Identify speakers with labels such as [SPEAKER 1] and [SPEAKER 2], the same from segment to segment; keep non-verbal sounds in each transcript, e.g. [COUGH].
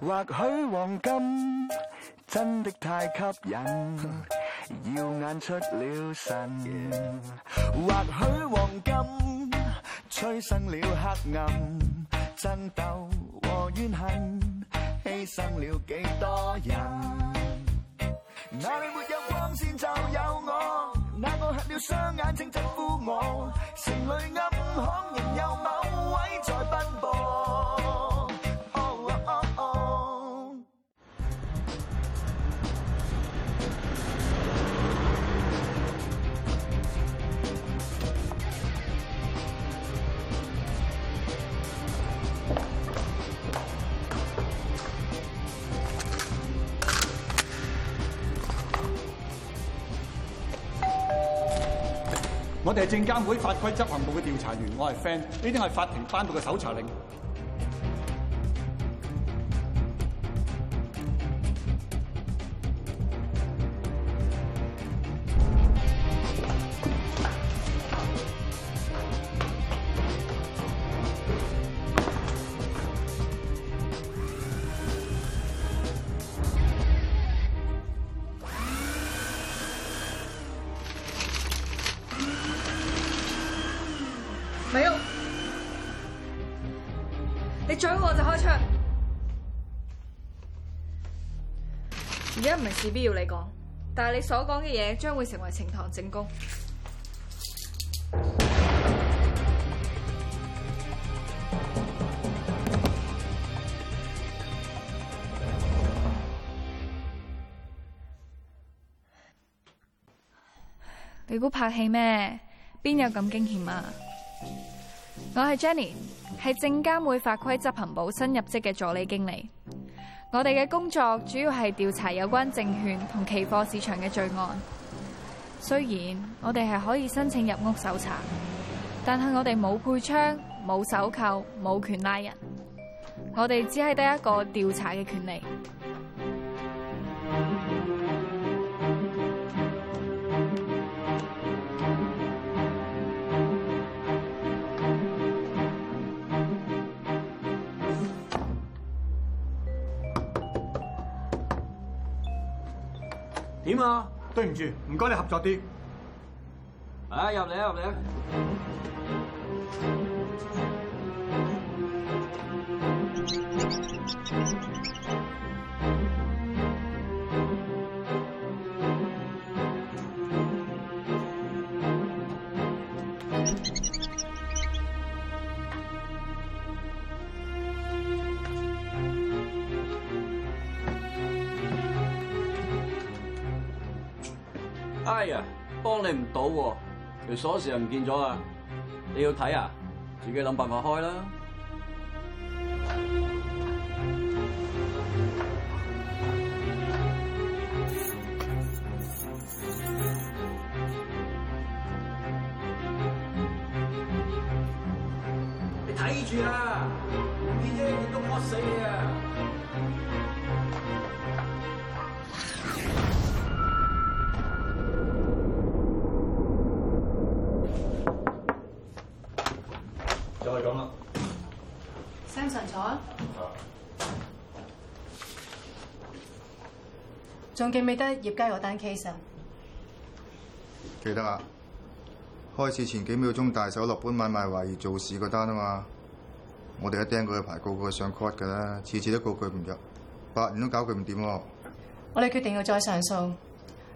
[SPEAKER 1] 或許黃金真的太吸引，耀眼出了神。或許黃金催生了黑暗，爭鬥和怨恨，犧牲了幾多人。那裏沒有光線就有我，啊啊、那個黑了雙眼請責呼我，城內暗巷仍有某位在奔波。我哋係證監會法規執行部嘅調查員，我係 friend。呢啲係法庭頒布嘅搜查令。
[SPEAKER 2] 咪喐！你掌我就開槍！而家唔係事必要你講，但係你所講嘅嘢將會成為呈堂證供。你估拍戲咩？邊有咁驚險啊！我係 Jennie，係證監會法規執行部新入職嘅助理經理。我哋嘅工作主要係調查有關證券同期貨市場嘅罪案。雖然我哋係可以申請入屋搜查，但係我哋冇配槍、冇手銬、冇權拉人。我哋只係得一個調查嘅權利。
[SPEAKER 1] 對唔住，唔該你合作啲！
[SPEAKER 2] 啊入嚟啊入嚟啊！ [MUSIC] 哎呀，幫你唔到喎，條鎖匙又唔見咗啊，你要睇啊，自己諗辦法開啦。你睇住啦，唔見嘢點都渴死啊！坐啊！仲記唔記得葉佳嗰單 case 啊？
[SPEAKER 1] 記得啊！開始前幾秒鐘，大手落盤買賣，懷疑做市嗰單啊嘛，我哋一盯佢嘅牌，個個上 court 噶啦，次次都告佢唔入，八年都搞佢唔掂。我哋決定要再上訴，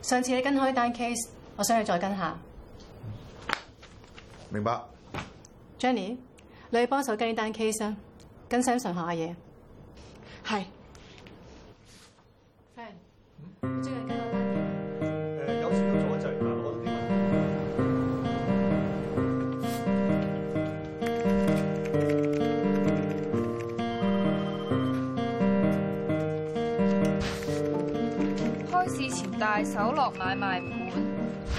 [SPEAKER 2] 上次你跟開單 case，我想你再跟下。
[SPEAKER 1] 明白。
[SPEAKER 2] Jenny，你去幫手跟單 case 啊！跟上上下嘅嘢，係。f r n 跟咗有時都做一陣，我先嚟。開市前大手落買賣盤，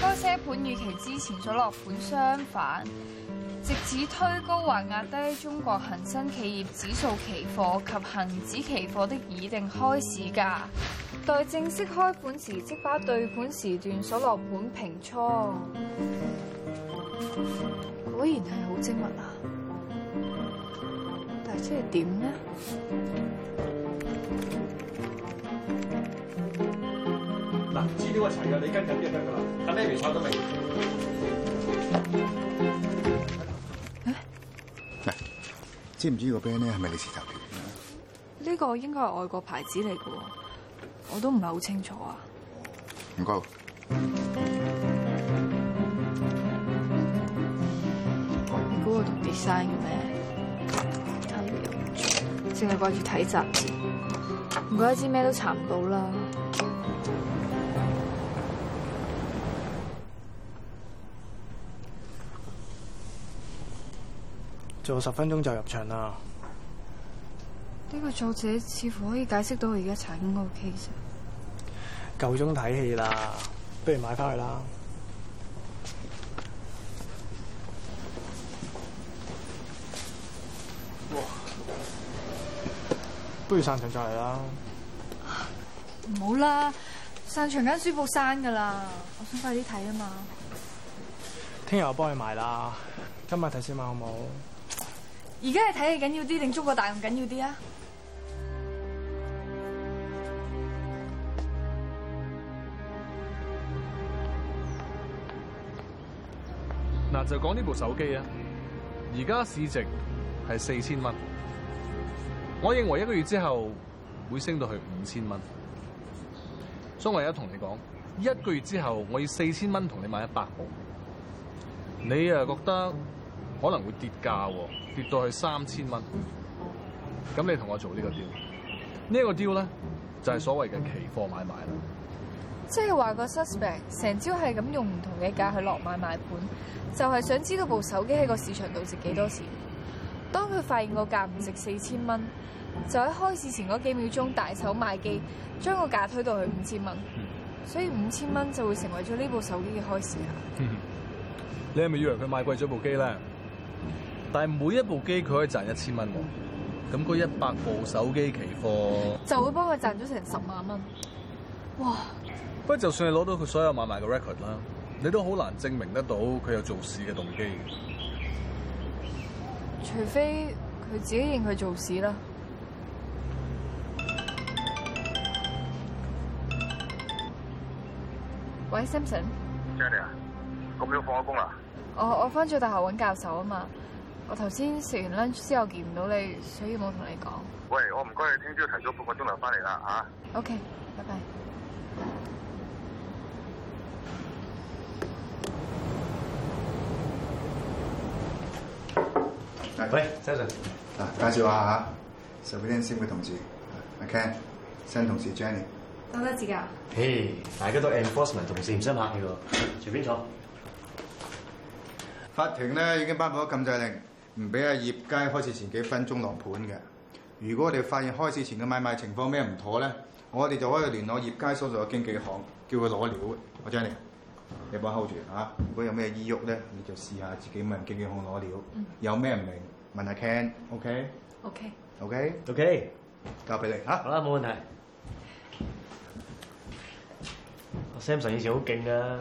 [SPEAKER 2] 開車盤與其之前所落盤相反。直至推高或壓低中國恆生企業指數期貨及恒指期貨的擬定開市價，待正式開盤時即把對盤時段所落盤平倉。果然係好精密啊！但係即係點呢？嗱，
[SPEAKER 1] 資料一齊噶，你跟緊邊就得噶啦。阿 May 咪睇得明。得知唔知呢個 band 咧係咪你氏集團啊？
[SPEAKER 2] 呢個應該係外國牌子嚟嘅，我都唔係好清楚啊。唔該。我做 designer，睇料，淨係掛住睇雜誌，唔該一支咩都查唔到啦。
[SPEAKER 1] 做十分鐘就入場啦！
[SPEAKER 2] 呢個作者似乎可以解釋到我而家查緊嗰個 case。
[SPEAKER 1] 夠鐘睇戲啦，不如買翻去啦。不如散場再嚟啦。
[SPEAKER 2] 唔好啦，散場間書舖閂噶啦，我想快啲睇啊嘛。
[SPEAKER 1] 聽日我幫你買啦，今晚睇先嘛好唔好？
[SPEAKER 2] 而家係睇嘅緊要啲，定中國大陸緊要啲啊？
[SPEAKER 1] 嗱，就講呢部手
[SPEAKER 2] 機啊。而家市值係四千蚊，我認為一個月之後會升到去五千蚊。所以我而家同你講，一個月之後我要四千蚊同你買一百部。你啊，覺得可能會跌價喎？跌到去三千蚊，咁你同我做這個、這個、呢個 deal？呢個 deal 咧，就係、是、所謂嘅期貨買賣啦。即係話個 suspect 成朝係咁用唔同嘅價去落買賣盤，就係、是、想知嗰部手機喺個市場度值幾多錢。當佢發現個價唔值四千蚊，就喺開市前嗰幾秒鐘大手買機，將個價推到去五千蚊，嗯、所以五千蚊就會成為咗呢部手機嘅開市價、嗯。你係咪以為佢買貴咗部機咧？但係每一部機佢可以賺一千蚊，咁嗰一百部手機期貨就會幫佢賺咗成十萬蚊，哇！不過就算你攞到佢所有買賣嘅 record 啦，你都好難證明得到佢有做市嘅動機。除非佢自己認佢做市啦。喂
[SPEAKER 1] ，Samson，Jennie 啊，咁要
[SPEAKER 2] 放咗工啦，我我翻咗大學揾教授啊嘛。我頭先食完 lunch 之後見唔到你，所以冇同你講。
[SPEAKER 1] 喂，我唔該你聽朝提早半個鐘頭翻嚟啦吓
[SPEAKER 2] OK，拜拜。
[SPEAKER 1] e 喂，Sir，嗱，介紹下吓，下嗯、十幾年先嘅同事，阿、啊、Ken，新同事、嗯、Jenny。
[SPEAKER 2] 多多指教。嘿、
[SPEAKER 1] hey，大家都 Enforcement 同事唔使客氣，隨便坐。法庭咧已經頒布咗禁制令。唔俾阿葉佳開市前幾分鐘落盤嘅。如果我哋發現開市前嘅買賣情況咩唔妥咧，我哋就可以聯絡葉佳所屬嘅經紀行，叫佢攞料。阿 Jennie，你幫 hold 住嚇。如果有咩意欲咧，你就試下自己問經紀行攞料。嗯、有咩唔明問阿
[SPEAKER 2] Ken，OK？OK？OK？OK？
[SPEAKER 1] 交俾你嚇，啊、好啦，冇問
[SPEAKER 2] 題。Samson 以前好勁啊，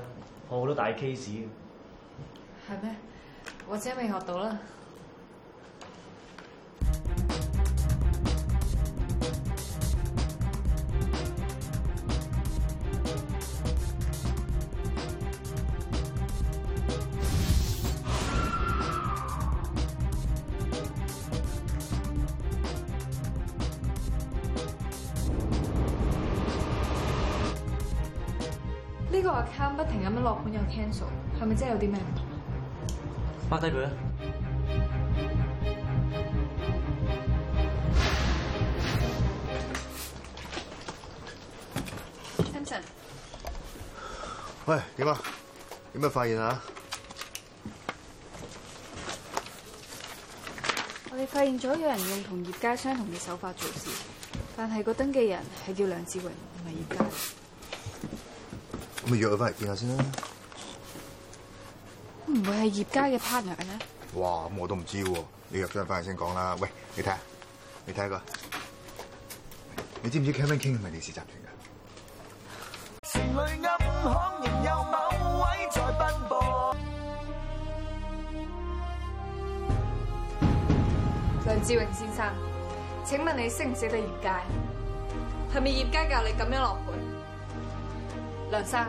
[SPEAKER 2] 學好多大 case。係咩？我真未學到啦。呢個 account 不停咁樣落盤又 cancel，係咪真係有啲咩？翻低佢啦。陳晨，
[SPEAKER 1] 喂，點啊？有咩發現啊？
[SPEAKER 2] 我哋發現咗有人用同葉佳相同嘅手法做事，但係個登記人係叫梁志榮，唔係葉佳。
[SPEAKER 1] 咪約佢翻嚟見下先啦。
[SPEAKER 2] 唔會係葉佳嘅 partner 呢？哇！
[SPEAKER 1] 咁我都唔知喎。你約咗人翻嚟先講啦。喂，你睇下，你睇下個。你知唔知 Kevin King 係咪電視集團㗎？
[SPEAKER 2] 梁志
[SPEAKER 1] 榮先
[SPEAKER 2] 生，請問你識唔識得葉佳？係咪葉佳教你咁樣落盤？梁生，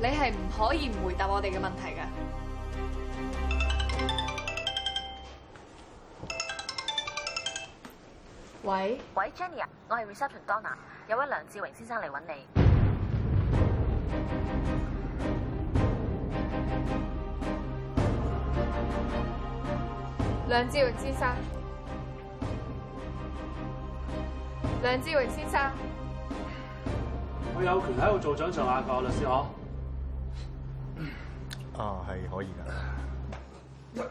[SPEAKER 2] 你係唔可以唔回答我哋嘅問題㗎？喂喂，Jenny，我係 reception Donna，有位梁志榮先生嚟揾你。梁志榮先生，梁志榮先生。
[SPEAKER 1] 佢有權喺度做掌上壓，
[SPEAKER 2] 個
[SPEAKER 1] 律師呵？啊，係、啊、可以㗎。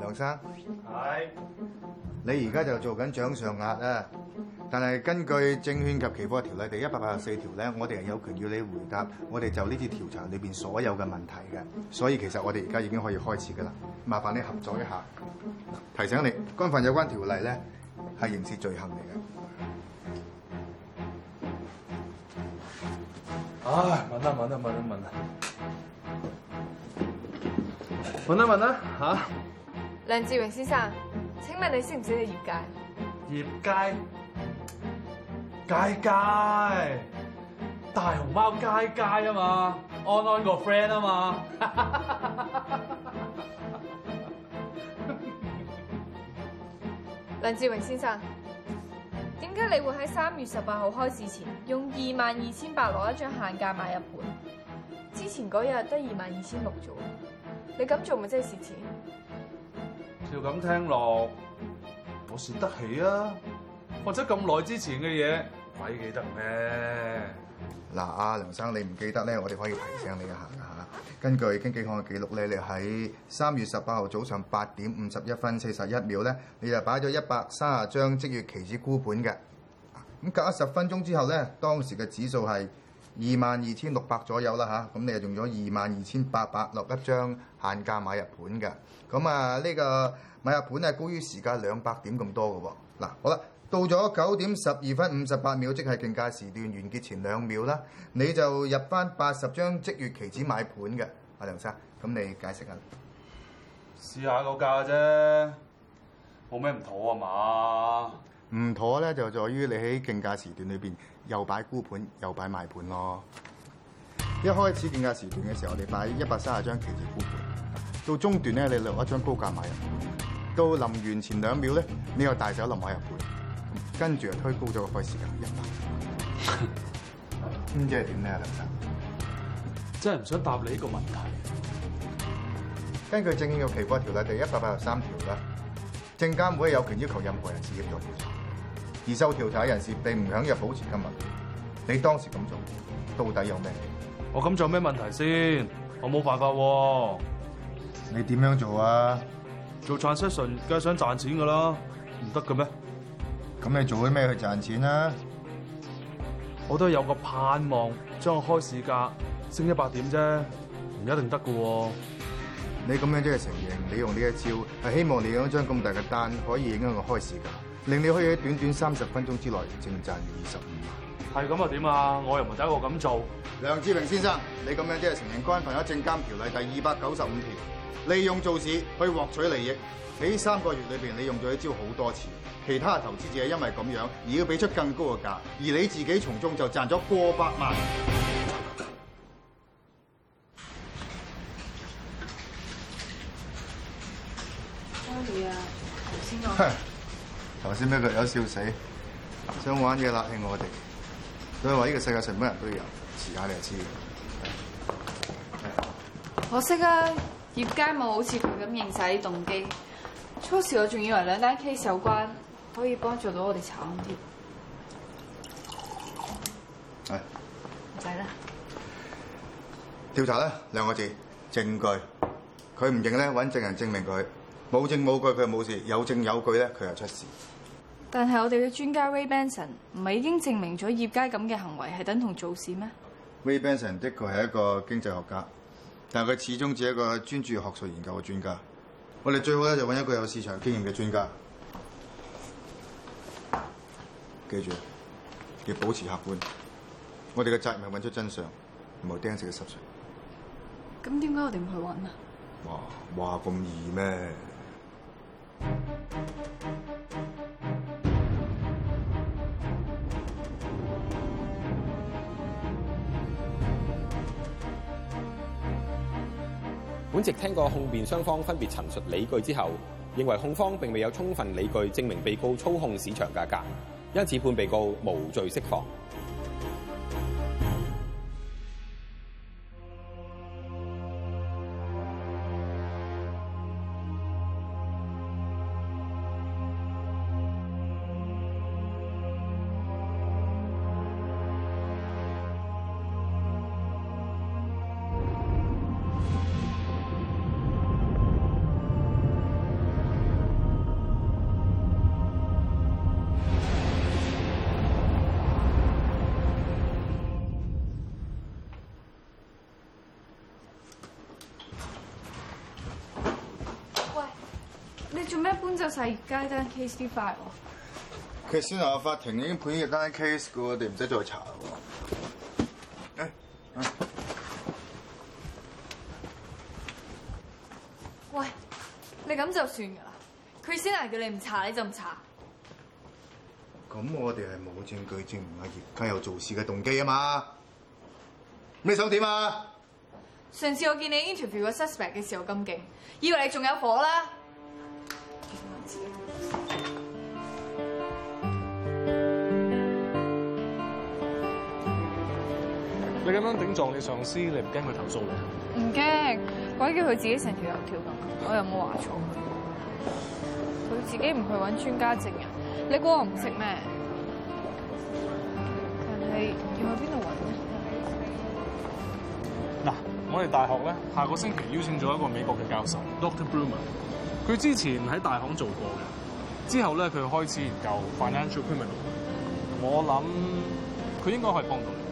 [SPEAKER 1] 梁生，係是，你而家就做緊掌上壓啊！Yeah. 但係根據證券及期貨條例第一百八十四條咧，我哋係有權要你回答我哋就呢次調查裏邊所有嘅問題嘅，所以其實我哋而家已經可以開始噶啦，麻煩你合作一下。提醒你，干犯有關的條例咧係刑事罪行嚟嘅。啊，啊，問啦問啦問啦問啦問啦問啦吓，
[SPEAKER 2] 梁志榮先生，請問你識唔識去業界？業界。街街，大熊貓街街啊嘛，安安個 friend 啊嘛。林 [LAUGHS] 志榮先生，點解你會喺三月十八號開始前用二萬二千八攞一張限價買入盤？之前嗰日得二萬二千六啫喎，你咁做咪真係蝕錢？
[SPEAKER 1] 照咁聽落，我蝕得起啊！或者咁耐之前嘅嘢。鬼記得咩？嗱，阿梁生，你唔記得咧，我哋可以提醒你一下啦吓。根據經紀行嘅記錄咧，你喺三月十八號早上八點五十一分四十一秒咧，你就擺咗一百三十張即月期指沽盤嘅。咁隔咗十分鐘之後咧，當時嘅指數係二萬二千六百左右啦吓，咁你就用咗二萬二千八百落一張限價買入盤嘅。咁啊，呢個買入盤係高於時間兩百點咁多嘅喎。嗱，好啦。到咗九點十二分五十八秒，即係競價時段完結前兩秒啦，你就入翻八十張即月期指買盤嘅，阿梁生，咁你解釋下？試下個價啫，冇咩唔妥啊嘛？唔妥咧就在於你喺競價時段裏邊又擺沽盤又擺買盤咯。一開始競價時段嘅時候，你擺一百三十張期指沽盤，到中段咧你留一張高價買入，到臨完前兩秒咧，你又大手落買入盤。跟住又推高咗個費時間，唔知係點咧，林 [LAUGHS] 生真係唔想答你呢個問題。根據證券及期貨條例第一百八十三條啦，證監會有權要求任何人事業做調查，而受調查人士並唔享有保持緘默。你當時咁做到底有咩？我咁做咩問題先？我冇辦法。你點樣做啊？做 transaction 梗係想賺錢噶啦，唔得嘅咩？咁你做啲咩去賺錢啊？我都有個盼望，將個開市價升一百點啫，唔一定得噶。你咁樣即係承認，你用呢一招係希望你用一張咁大嘅單，可以影響個開市價，令你可以喺短短三十分鐘之內淨賺二十五萬。係咁啊？點啊？我又唔係第一個咁做。梁志平先生，你咁樣即係承認違反《證監條例》第二百九十五條，利用造市去獲取利益。喺三個月裏邊，你用咗一招好多次。其他投資者因為咁樣而要俾出更高嘅價，而你自己從中就賺咗過百萬。媽咪啊！
[SPEAKER 2] 頭
[SPEAKER 1] 先我係頭咩腳友笑死，想玩嘢啦，慶我哋，所以話呢個世界上乜人都有。時
[SPEAKER 2] 間你知，哎、可惜啊，葉佳冇好似佢咁認晒啲動機。初時我仲以為兩單 K 手關可以幫助到我哋查案啲，
[SPEAKER 1] 係唔使啦、哎。調查咧兩個字，證據。佢唔認咧，搵證人證明佢。冇證冇據，佢冇事；有證有據咧，佢又出事。
[SPEAKER 2] 但係我哋嘅專家 Ray Benson 唔係已經證明咗葉佳咁嘅行為係等同造市咩？
[SPEAKER 1] Ray Benson 的確係一個經濟學家，但係佢始終只係一個專注學術研究嘅專家。我哋最好咧就揾一個有市場經驗嘅專家。嗯、記住，要保持客觀。我哋嘅責任係揾出真相，唔係釘死個失實。
[SPEAKER 2] 咁點解我哋唔去揾啊？
[SPEAKER 1] 哇！話咁易咩？本席聽過控辯雙方分別陳述理據之後，認為控方並未有充分理據證明被告操控市場價格，因此判被告無罪釋放。
[SPEAKER 2] 就係葉佳單 case d 啲
[SPEAKER 1] 快喎，其實先頭法庭已經判咗單 case 叫我哋唔使再查喇、欸
[SPEAKER 2] 欸、喂，你咁就算噶啦，佢先嚟叫你唔查，你就唔查。
[SPEAKER 1] 咁我哋係冇證據證明阿葉佳有做事嘅動機啊嘛？你想點啊？
[SPEAKER 2] 上次我見你 interview 個 suspect 嘅時候咁勁，以為你仲有火啦。
[SPEAKER 1] 你咁樣頂撞你上司，你唔驚佢投訴你？
[SPEAKER 2] 唔驚，鬼叫佢自己成條油條咁，我又冇話錯。佢自己唔去揾專家證人，你估我唔識咩？但係要去邊度揾咧？
[SPEAKER 1] 嗱，我哋大學咧，下個星期邀請咗一個美國嘅教授，Doctor Bloomer。佢之前喺大行做過嘅，之後咧佢開始研究 financial criminal。我諗佢應該可以幫到你。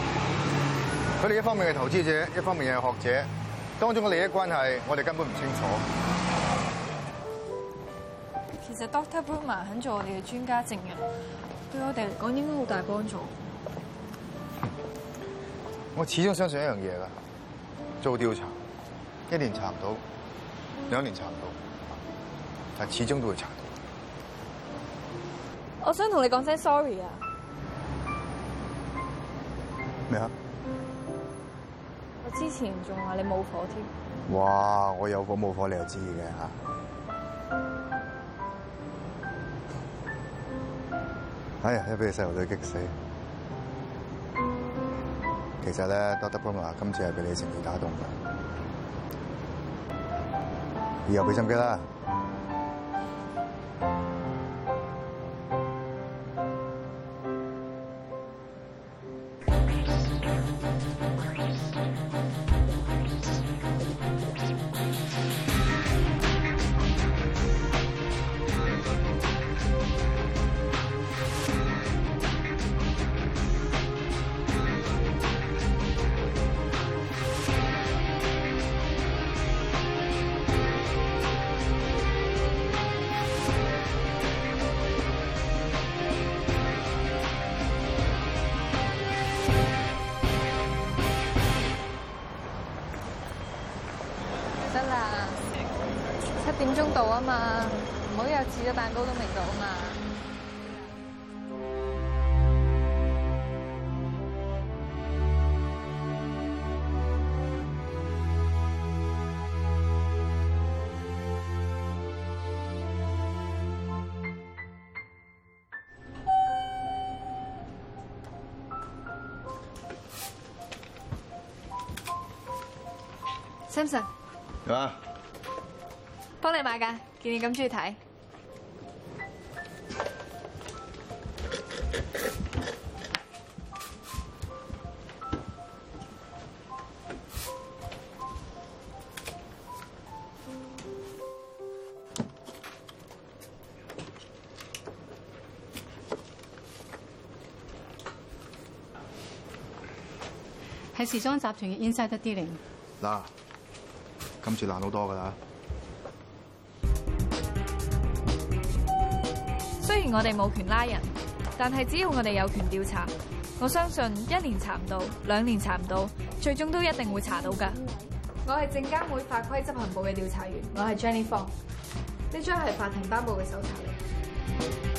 [SPEAKER 1] 佢哋一方面係投資者，一方面又係學者，當中嘅利益關係，我哋根本唔清楚。
[SPEAKER 2] 其實 Doctor Broome 肯做我哋嘅專家證人，對我哋嚟講應該好大幫助。
[SPEAKER 1] 我始終相信一樣嘢啦，做調查，一年查唔到，兩年查唔到，但始終都會查
[SPEAKER 2] 到。我想同你講聲 sorry 啊。
[SPEAKER 1] 咩啊？
[SPEAKER 2] 之前仲話你冇火添，
[SPEAKER 1] 哇！我有火冇火你又知嘅嚇、啊，哎呀！一俾細路女激死。其實咧 [MUSIC] Doctor 話今次係俾你情意打動嘅，以後俾心機啦。
[SPEAKER 2] 個蛋糕都未到啊嘛。Samson，咩？幫你買㗎，見你咁中意睇。係時裝集團嘅 inside dealing
[SPEAKER 1] 嗱，今次難好多噶啦。
[SPEAKER 2] 我哋冇權拉人，但係只要我哋有權調查，我相信一年查唔到，兩年查唔到，最終都一定會查到噶。我係證監會法規執行部嘅調查員，我係 Jennie 方。呢張係法庭頒布嘅搜查令。